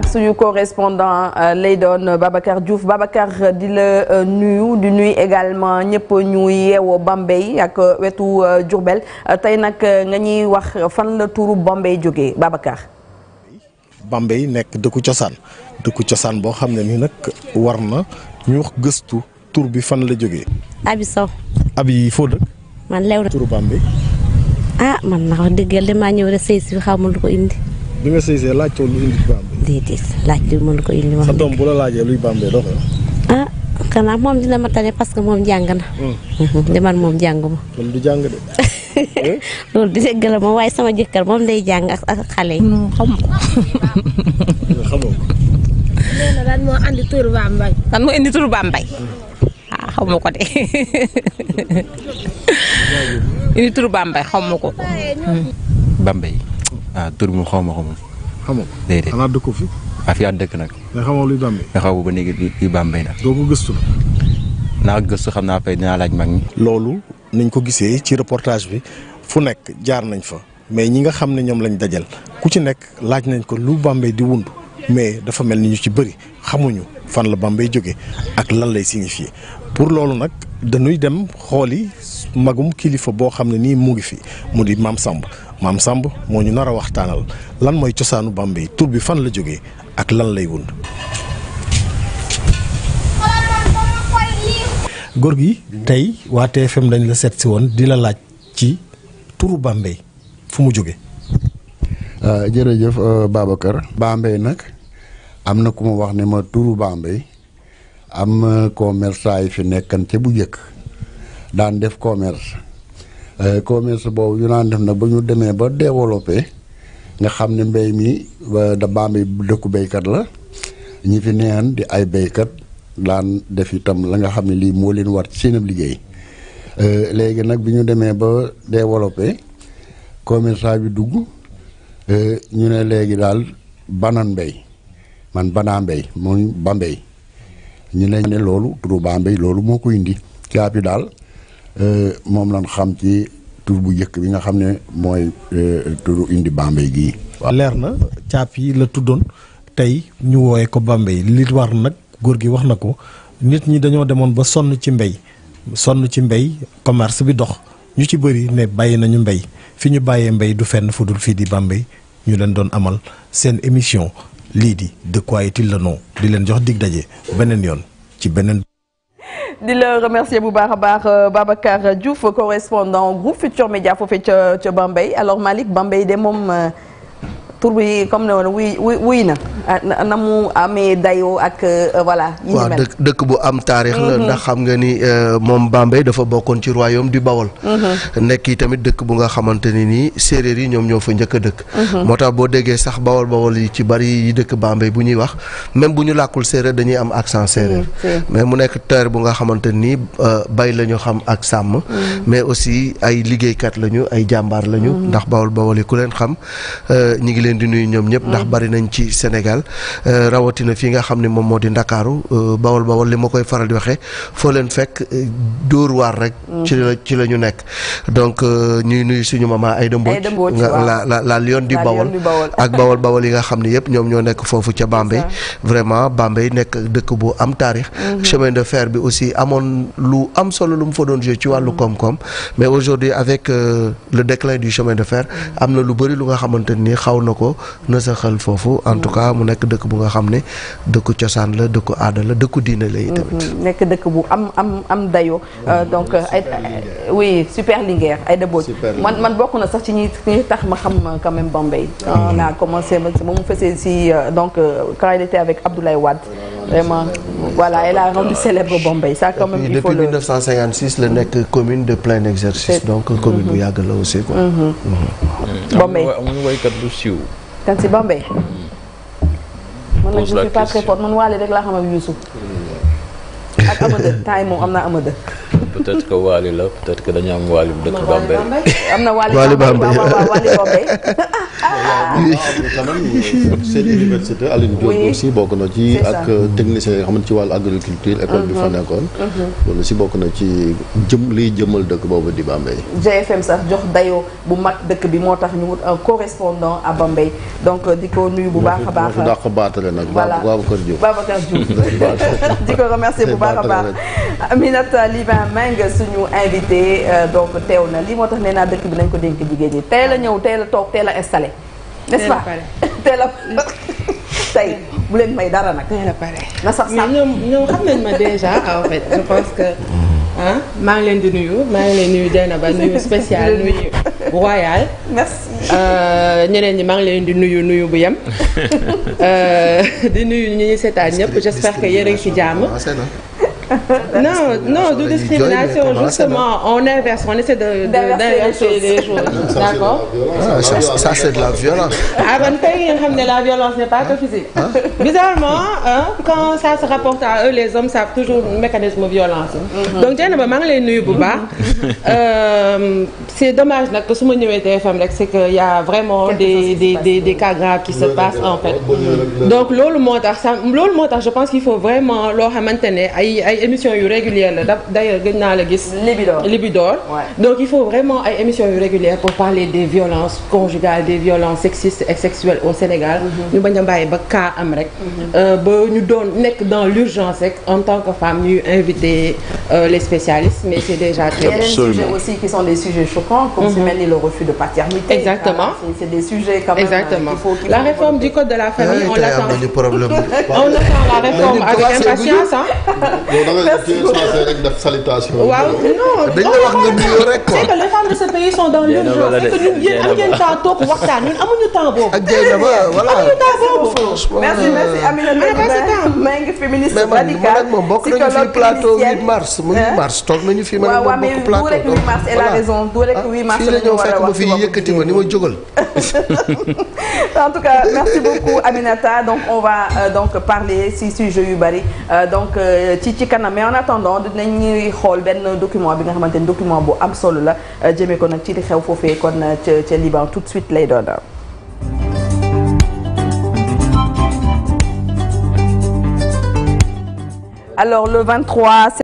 ak suñu correspondant euh, lay doon Babacar Diouf Babacar euh, di la euh, nuyu di nuyu également ñëpp ñu yeewoo Bambey ak wetu Diourbel tey nag nga ñuy wax fan la tuuru Bambey jógee Babacar. Bambey nekk dëkku cosaan dëkku cosaan boo xam ne ni nag war na ñu gëstu tur bi fan la jógee. Abi Abi foo dëkk. man lew na turu Bambey. ah man na wax dëgg ñëw rek sëy si xamul lu ko indi. bi nga sëysee laajtoo lu indi bambé. déedéet laajte bi mënu ko indi. wax sa doom ah xanaa moom dina ma tane parce que moom jàng na. li hmm. mhm, man moom jàngu ma. loolu du jàng de. Eh? loolu di dégg la moom waaye sama jëkkër moom day jàng ak xale yi. xam ko. xamoo indi turu bambay. ah xaw ma ko de. indi turu ma ko. Hmm. bambay. ah tur moom xaw ma ko moom. xamoo déedéet xanaa fi. ah fi at dëkk nag. mais xamoo luy Bambey. nga xaw ba léegi luy Bambey nag. doo ko gëstu la. naa gëstu xam naa fay dinaa laaj mag ñi. loolu nañ ko gisee ci reportage bi fu nekk jaar nañ fa mais ñi nga xam ne ñoom lañ dajal ku ci nekk laaj nañ ko lu Bambey di wund mais dafa mel ni ñu ci bëri xamuñu fan la Bambey jóge ak lan lay signifier pour loolu nag dañuy dem xooli magum kilifa boo xam ne nii mu ngi fi mu di maam Samb maam Samb moo ñu nar a waxtaanal lan mooy cosaanu Bambey tur bi fan la jóge ak lan lay wund góor gi tey waa TFM dañ la seet si woon di la laaj ci turu Bambey fu mu jóge ah, jërëjëf euh, Babacar Bambey nag am na ku ma wax ne ma turu Bambey am commerçant yi fi nekkan ca bu njëkk daan def commerce euh, commerce boobu yu naan def nag ba ñu demee ba développé nga xam ne mbéy mi da Bambey dëkku béykat la ñi fi neen di ay béykat daan def itam la nga xam ne lii moo leen war ci seenam liggéey euh, léegi nag bi ñu demee ba développé commerçant bi dugg euh, ñu ne léegi daal banan mbéy man banaa mbéy ba Bambey ñu ne ne loolu turu Bambey loolu moo ko indi caabi daal euh, moom lañ xam ci tur bu njëkk bi nga xam ne mooy euh, turu indi Bambey gii. waaw leer na caap yi la tuddoon tey ñu wooye ko Bambey li war nag góor gi wax na ko nit ñi dañoo demoon ba sonn ci mbéy sonn ci mbéy commerce bi dox ñu ci bëri ne bàyyi nañu mbéy fi ñu bàyyee mbéy du fenn fu dul fii di Bambey ñu leen doon amal seen émission lii di dëkkuwaay quoi est-il di leen jox dig daje beneen yoon ci beneen. di la remercier bu baax a baax euh, Babacar Diouf correspondant groupe Futur Média foofee ca ca Bambey alors Malick Bambey de moom. Euh, tur bi comme ne woon wuy wuy wuy na ah, na mu amee dayoo ak euh, euh, voilà. yi waaw dëkk bu am taarix la. Mhm. ndax xam nga ni euh, moom Bambey dafa bokkoon ci royaume di Bawol. Mhm. nekk yi tamit dëkk bu nga xamante ni nii séeréer yi ñoom ñoo fa njëkk a dëkk. Mhm. moo tax boo déggee sax Bawol Bawol yi ci bari yi dëkk Bambey bu ñuy wax même bu ñu làkkul séeréer dañuy am accent séeréer. mais mu nekk terre bu nga xamante ni bay lañu xam ak sàmm. mais aussi ay liggéeykat lañu ay jàmbaar lañu. leen di nuyu ñoom ñëpp ndax bari nañ ci Sénégal euh, rawatina fii nga xam ne moom moo di Ndakaaru euh, bawol bawol li ma koy faral di waxee foo leen fekk euh, door waar rek. Mm. ci la ci la ñu nekk donc ñuy nuyu suñu maman Aïda Mbodj la la la Lion du Bawol ak bawol bawol yi nga xam ne yëpp ñoom ñoo nekk foofu ca Bambey vraiment Bambey nekk dëkk bu am taarix. Mm-hmm. chemin de fer bi aussi amoon lu am solo lu mu fa doon joué ci wàllu mm-hmm. koom-koom mais aujourd'hui avec le déclin du chemin de fer mm-hmm. am na lu bëri lu ko nasaxal foofu en tout cas mu nekk dëkk bu nga xam ne dëkku cosaan la dëkku aada la dëkku diine la tamit mm-hmm. nekk dëkk bu am am am dayo euh, donc euh, ay euh, oui super Linguère Aïda Mbodj man man bokk na sax ci ñi ñi tax ma xam quand même Bambey mm-hmm. on a commencé ba mu fesee si donc quand il était avec Abdoulaye vraiment voilà elle a rendu célèbre Bombay ça quand même il faut le depuis 1956 la nekk commune de plein exercice donc commune bu mhm. yàgg la aussi quoi. Mhm. Mm-hmm. Bombay amuñu woykat bu siiw. kan si Bombay. Mm-hmm. man nag je suis pas très fort man Waly rek laa xam ak Youssou. Mm-hmm. ak Amady temps yii moom am naa Amady. peut-être que Waly la peut-être que am Waly bu dëkk Bambey. am na Waly Bambey seen université Aline Diop aussi bokk na ci ak technicien yoo xam ne ci wàllu agriculture école bi fa uh-huh. nekkoon uh-huh. loolu si bokk na ci jëm lii jëmal dëkk boobu di Bambey GFM sax jox dayoo bu mag dëkk bi moo tax ñu wut un correspondant à Bambey donc euh, di ko nuyu bu baax a baax dàq baatale nag Babacar Diouf Babacar Diouf di ko remercier bu baax a baax Aminata Livin Meng suñu invité euh, donc teew na lii moo tax nee naa dëkk bi nañ ko dénk jigéen ñi tey la ñëw tey la toog tey la installé n'est-ce pas teel a pare tey bu leen may dara nag. teel a pare na sax sax ñoom ma déjà ah, en que. ah maa ngi leen di nuyu maa ngi leen nuyu ba nuyu spécial nuyu royal. merci euh, ñeneen ñi maa ngi leen di nuyu nuyu bu yem. Euh, di nuyu ñu ñuy seetaan ñëpp j'espère que yéen a ngi ci jàmm. Ah, non non du discrimination on inverse on essaie de d'inverser les choses d'accord ah, ça c'est de la violence ah ban tey ngeen xam ne la violence n'est pas que physique bizarrement quand ça se rapporte à eux les hommes savent toujours mécanisme violence mhm. donc Dieynaba maa ngi lay nuyu bu baax mhm. euh, c'est dommage nag que su ma ñëwee TFM rek c'est que y a vraiment des des des des cas graves qui se passent en fait donc loolu moo tax ça loolu moo tax je pense qu'il faut vraiment loo xamante ne ay ay ay émissions yu régulières la d'ailleurs gën naa la gis. Libidor Libidor. donc il faut vraiment ay émissions yu régulières pour parler des violences conjugales des violences sexistes et sexuelles au Sénégal. Mhm. ñu bañ a bàyyi ba kaa am rek. Mhm. Euh, ba ñu doon nekk dans l'urgence rek en tant que femme ñuy inviter euh, les spécialistes mais c'est déjà très. yeneen aussi qui sont des sujets choquants. comme mhm. su mel ni le de paternité. des sujets exactement euh, la réforme du code de la famille ah, on l'attend. on la réforme avec merci beaucoup rek def salutation. waaw non dañ la wax nga nuyoo rek quoi. c'est que les femmes de ce pays sont dans l'urgence. c'est que ñun yéen am ngeen temps toog waxtaan ñun amuñu temps boobu. ak moom bokk nañu fi plateau 8 mars. mu 8 mars toog nañu fi ma ne moom bokk plateau. waaw waaw mais bu rek 8 mars elle a raison bu rek 8 mars. Ah, la ñu a wax fii la fekk ma fi yëkkati ma ni ma jógal. en tout cas merci beaucoup donc on va euh, donc parler yu bari euh, donc euh, ci ci kanam mais en attendant dinañuy xool benn document bi nga xamante ni document bu am solo la euh, jëmee ko nag ci di xew foofee kon ca ca Liban tout de lay doon. alors